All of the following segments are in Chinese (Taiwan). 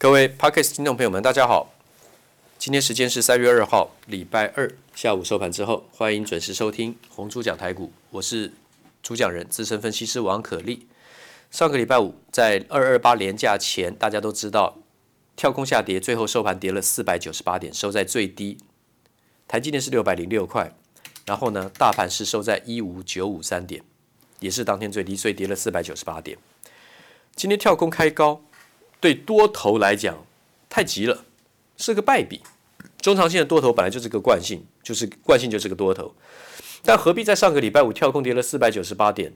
各位 Podcast 聽眾朋友們，大家好！今天時間是三月二號，禮拜二下午收盤之後，歡迎準時收聽紅豬講台股。我是主講人，資深分析師王可立。上個禮拜五在二二八連假前，大家都知道跳空下跌，最後收盤跌了四百九十八點，收在最低。台積電是六百零六塊，然後呢，大盤是收在一五九五三點，也是當天最低，最跌了四百九十八點。今天跳空開高。對多頭來講太急了，是個敗筆。中長線的多頭本來就是個慣性，就是慣性就是個多頭，但何必在上個禮拜五跳空跌了四百九十八點，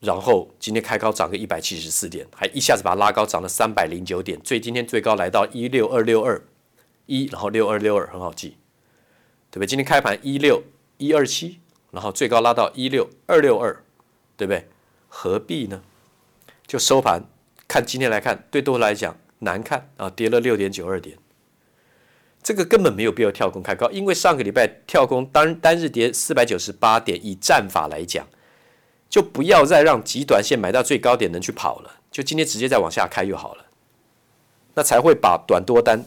然後今天開高漲個一百七十四點，還一下子把它拉高漲了三百零九點，所以今天最高來到一六二六二一，然後六二六二很好記，對不對？今天開盤一六一二七，然後最高拉到一六二六二，對不對？何必呢？就收盤。看今天來看，對多來講難看啊，跌了六點九二點，這個根本沒有必要跳空開高，因為上個禮拜跳空單單日跌四百九十八點，以戰法來講，就不要再讓極短線買到最高點能去跑了，就今天直接再往下開就好了，那才會把短多單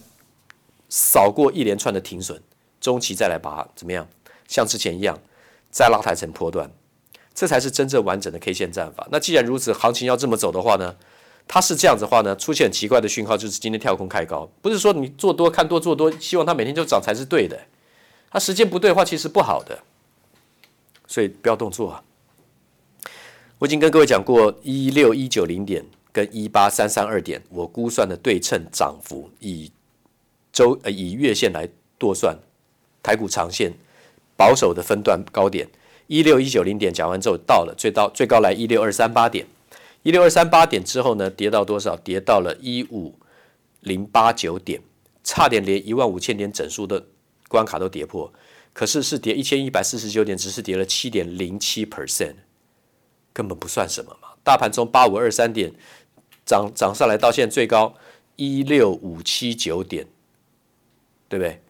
掃過一連串的停損，中期再來把它怎麼樣？像之前一樣再拉抬成波段，這才是真正完整的 K 線戰法。那既然如此，行情要這麼走的話呢？它是這樣子的話呢，出現很奇怪的訊號，就是今天跳空開高，不是說你做多看多做多，希望它每天就漲才是對的。它時間不對的話，其實不好的，所以不要動作啊。我已經跟各位講過，一六一九零點跟一八三三二點，我估算的對稱漲幅，以周呃以月線來度算，台股長線保守的分段高點，一六一九零點講完之後到了最高最高來一六二三八點。一六二三八點之後呢，跌到多少？跌到了一五零八九點，差點連一萬五千點整數的關卡都跌破。可是是跌一千一百四十九點，只是跌了七點零七 percent，根本不算什麼嘛。大盤從八五二三點漲漲上來，到現在最高一六五七九點，對不對？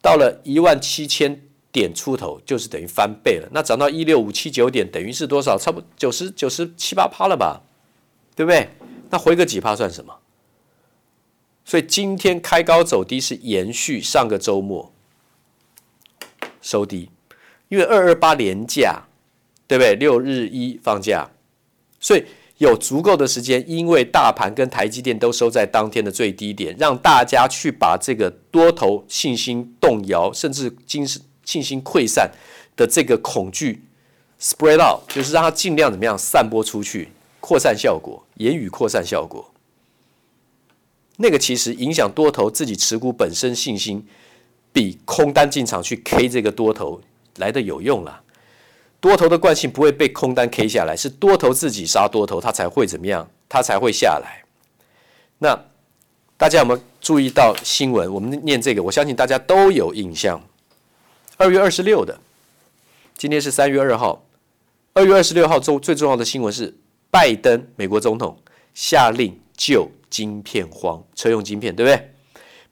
到了一萬七千點出頭就是等於翻倍了，那漲到一六五七九點等於是多少？差不多九十九十七八趴了吧，對不對？那回個幾趴算什麼？所以今天開高走低是延續上個周末收低，因為二二八年假，對不對？六日一放假，所以有足夠的時間，因為大盤跟台積電都收在當天的最低點，讓大家去把這個多頭信心動搖，甚至今。神。進行潰散的這個恐懼，spread out，就是讓它儘量怎麼樣散播出去，擴散效果，言語擴散效果。那個其實影響多頭自己持股本身信心，比空單進場去 K 這個多頭來得有用了。多頭的慣性不會被空單 K 下來，是多頭自己殺多頭，它才會怎麼樣，它才會下來。那大家有沒有注意到新聞？我們念這個，我相信大家都有印象。二月二十六的，今天是三月二號。二月二十六號最重要的新聞是，拜登美國總統下令救晶片荒，車用晶片，對不對？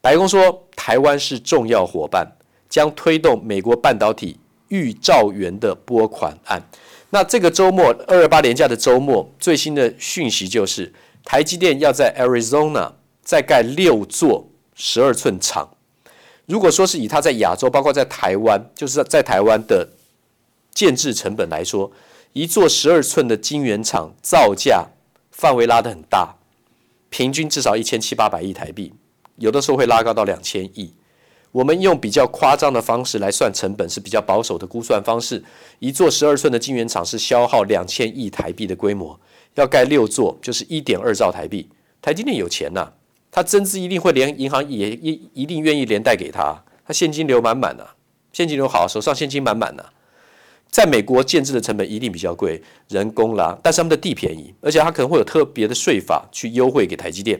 白宮說，台灣是重要夥伴，將推動美國半導體預兆元的撥款案。那這個週末，二二八連假的週末，最新的訊息就是，台積電要在 Arizona 再蓋六座十二寸廠。如果說是以它在亞洲，包括在台灣，就是在在台灣的建制成本來說，一座十二寸的晶圓廠造價範圍拉得很大，平均至少一千七八百億台幣，有的時候會拉高到兩千億。我們用比較誇張的方式來算成本是比較保守的估算方式，一座十二寸的晶圓廠是消耗兩千億台幣的規模，要蓋六座就是一點二兆台幣。台積電有錢吶、啊。他增資一定會連銀行也一一定願意連帶給他，他現金流滿滿的，現金流好，手上現金滿滿的。在美國建制的成本一定比較貴，人工啦，但是他們的地便宜，而且他可能會有特別的稅法去優惠給台積電，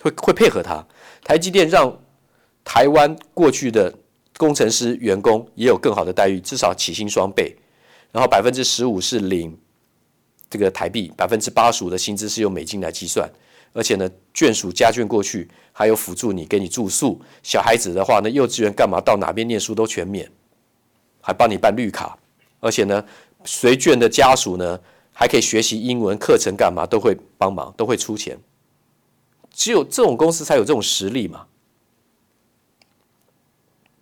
會會配合他。台積電讓台灣過去的工程師員工也有更好的待遇，至少起薪雙倍，然後百分之十五是領這個台幣，百分之八十五的薪資是用美金來計算。而且呢，眷屬家眷過去還有輔助你，給你住宿；小孩子的話呢，幼稚園幹嘛到哪邊念書都全免，還幫你辦綠卡。而且呢，隨眷的家屬呢，還可以學習英文課程幹嘛，都會幫忙，都會出錢。只有這種公司才有這種實力嘛。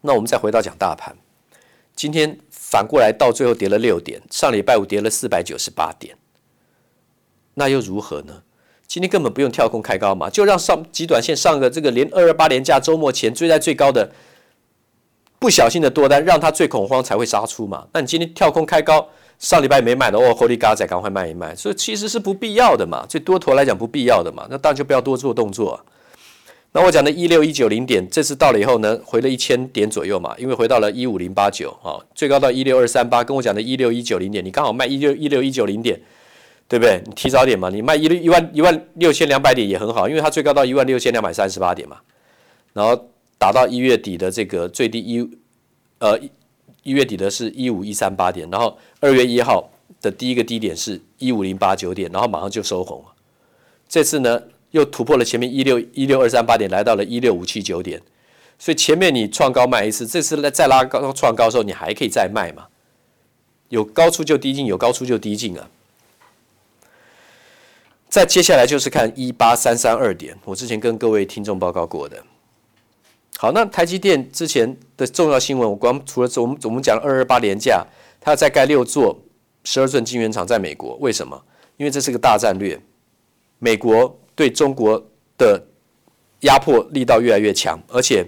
那我們再回到講大盤，今天反過來到最後跌了六點，上禮拜五跌了四百九十八點，那又如何呢？今天根本不用跳空開高嘛，就讓上極短線上個這個連二二八連假週末前追在最高的，不小心的多單，讓他最恐慌才會殺出嘛。那你今天跳空開高，上禮拜沒賣的哦，猴力嘎仔趕快賣一賣，所以其實是不必要的嘛。對多頭來講不必要的嘛，那當然就不要多做動作啊。那我講的一六一九零點，這次到了以後呢，回了一千點左右嘛，因為回到了一五零八九啊，最高到一六二三八，跟我講的一六一九零點，你剛好賣一六一六一九零點。對不對？你提早點嘛，你賣一六一萬一萬六千兩百點也很好，因為它最高到一萬六千兩百三十八點嘛，然後達到一月底的這個最低一，呃一,一月底的是一五一三八點，然後二月一號的第一個低點是一五零八九點，然後馬上就收紅了。這次呢又突破了前面一六一六二三八點，來到了一六五七九點，所以前面你創高賣一次，這次再拉高創高的時候，你還可以再賣嘛？有高出就低進，有高出就低進啊。那接下來就是看一八三三二點，我之前跟各位聽眾報告過的。好，那台積電之前的重要新聞，我光除了總總，我們講二二八連假，它要再蓋六座十二寸晶圓廠在美國，為什麼？因為這是個大戰略。美國對中國的壓迫力道越來越強，而且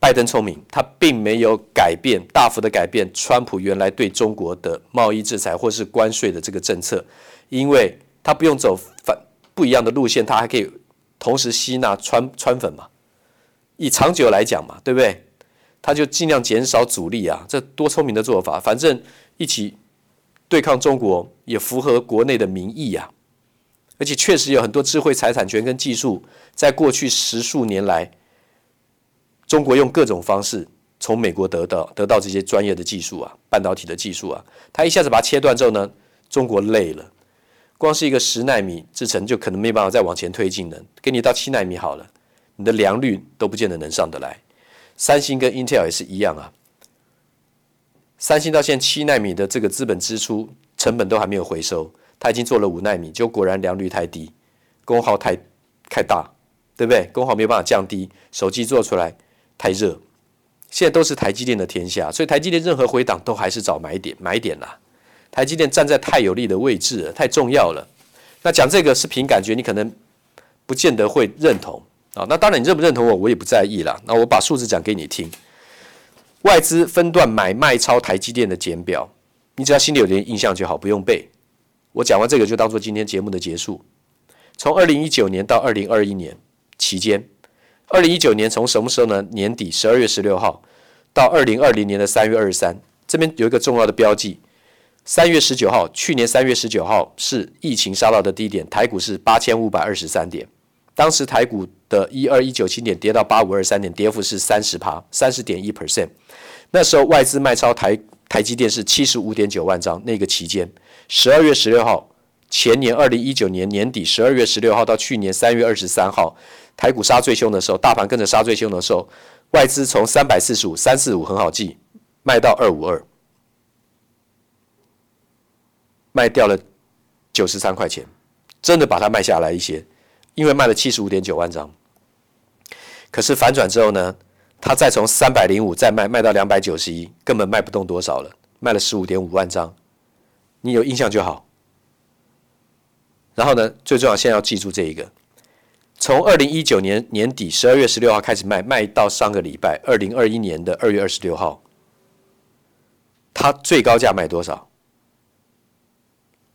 拜登聰明，他並沒有改變大幅的改變川普原來對中國的貿易制裁或是關稅的這個政策，因為。他不用走反，不一樣的路線，他還可以同時吸納川川粉嘛，以長久來講嘛，對不對？他就盡量減少阻力啊，這多聰明的做法！反正一起對抗中國也符合國內的民意呀。而且確實有很多智慧財產權跟技術，在過去十數年來，中國用各種方式從美國得到得到這些專業的技術啊，半導體的技術啊，他一下子把它切斷之後呢，中國累了。光是一個十奈米制程就可能沒辦法再往前推進了，給你到七奈米好了，你的良率都不見得能上得來。三星跟 Intel 也是一樣啊，三星到現在七奈米的這個資本支出成本都還沒有回收，它已經做了五奈米，結果果然良率太低，功耗太太大，對不對？功耗沒有辦法降低，手機做出來太熱。現在都是台積電的天下，所以台積電任何回檔都還是找買點買點啦。台積電站在太有利的位置了，太重要了。那講這個是憑感覺，你可能不見得會認同啊。那當然，你認不認同我，我也不在意啦。那我把數字講給你聽。外資分段買賣超台積電的簡表，你只要心裡有點印象就好，不用背。我講完這個就當作今天節目的結束。從二零一九年到二零二一年期間，二零一九年從什麼時候呢？年底十二月十六號到二零二零年的三月二十三，這邊有一個重要的標記。三月十九號，去年三月十九號是疫情殺到的低點，台股是八千五百二十三點，當時台股的一二一九七點跌到八五二三點，跌幅是三十趴，三十點一 percent。那時候外資賣超台台積電是七十五點九萬張。那個期間，十二月十六號，前年二零一九年年底十二月十六號到去年三月二十三號，台股殺最兇的時候，大盤跟着殺最兇的時候，外資從三百四十五三四五很好記，賣到二五二。賣掉了九十三塊錢，真的把它賣下來一些，因為賣了七十五點九萬張。可是反轉之後呢，他再從三百零五再賣，賣到兩百九十一，根本賣不動多少了，賣了十五點五萬張，你有印象就好。然後呢，最重要現在要記住這一個，從二零一九年年底十二月十六號開始賣，賣到上個禮拜二零二一年的二月二十六號，它最高價賣多少？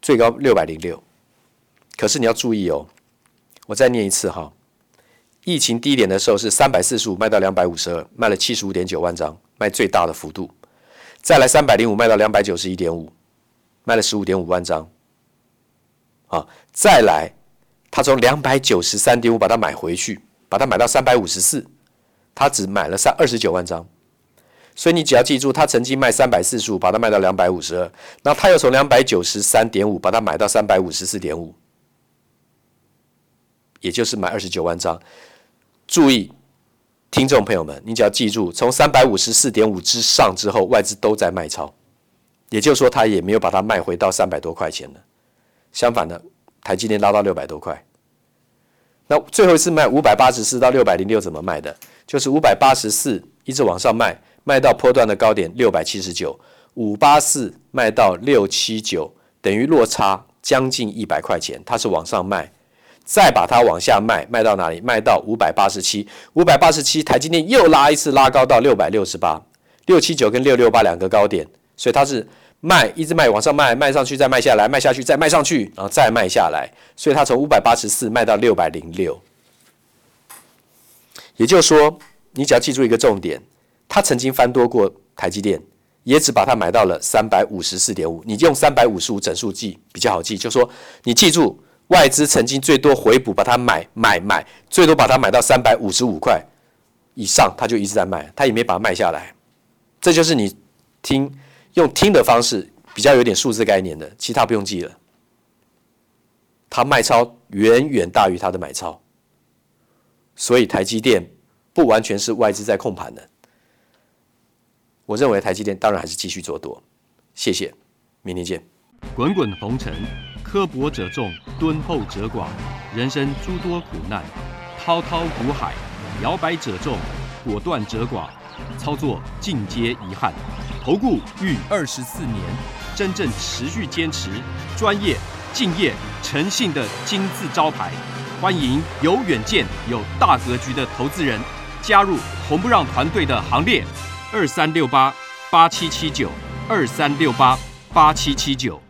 最高六百零六，可是你要注意哦，我再念一次哈，疫情低點的時候是三百四十五賣到兩百五十二，賣了七十五點九萬張，賣最大的幅度，再來三百零五賣到兩百九十一點五，賣了十五點五萬張，啊，再來，他從兩百九十三點五把它買回去，把它買到三百五十四，他只買了三二十九萬張。所以你只要記住，他曾經賣三百四十五，把它賣到兩百五十二，那他又從兩百九十三點五把它買到三百五十四點五，也就是買二十九萬張。注意，聽眾朋友們，你只要記住，從三百五十四點五之上之後，外資都在賣超，也就是說，他也沒有把它賣回到三百多塊錢了。相反呢，台積電拉到六百多塊。那最後一次賣五百八十四到六百零六怎麼賣的？就是五百八十四一直往上賣。賣到波段的高點六百七十九五八四，賣到六七九，等於落差將近一百塊錢。它是往上賣，再把它往下賣，賣到哪裡？賣到五百八十七，五百八十七，台積電又拉一次，拉高到六百六十八，六七九跟六六八兩個高點。所以它是賣，一直賣，往上賣，賣上去再賣下來，賣下去再賣上去，然後再賣下來。所以它從五百八十四賣到六百零六，也就是說，你只要記住一個重點。他曾經翻多過台積電，也只把它買到了三百五十四點五。你用三百五十五整數記比較好記，就說你記住，外資曾經最多回補，把它買買買，最多把它買到三百五十五塊以上，他就一直在賣，他也沒把它賣下來。這就是你聽用聽的方式比較有點數字概念的，其他不用記了。他賣超遠遠大於他的買超，所以台積電不完全是外資在控盤的。我認為台積電當然還是繼續做多，謝謝，明天見。滾滾紅塵，刻薄者眾，敦厚者寡；人生諸多苦難，滔滔苦海，搖擺者眾，果斷者寡。操作盡皆遺憾，投顧逾二十四年，真正持續堅持、專業、敬業、誠信的金字招牌。歡迎有遠見、有大格局的投資人加入紅不讓團隊的行列。二三六八八七七九，二三六八八七七九。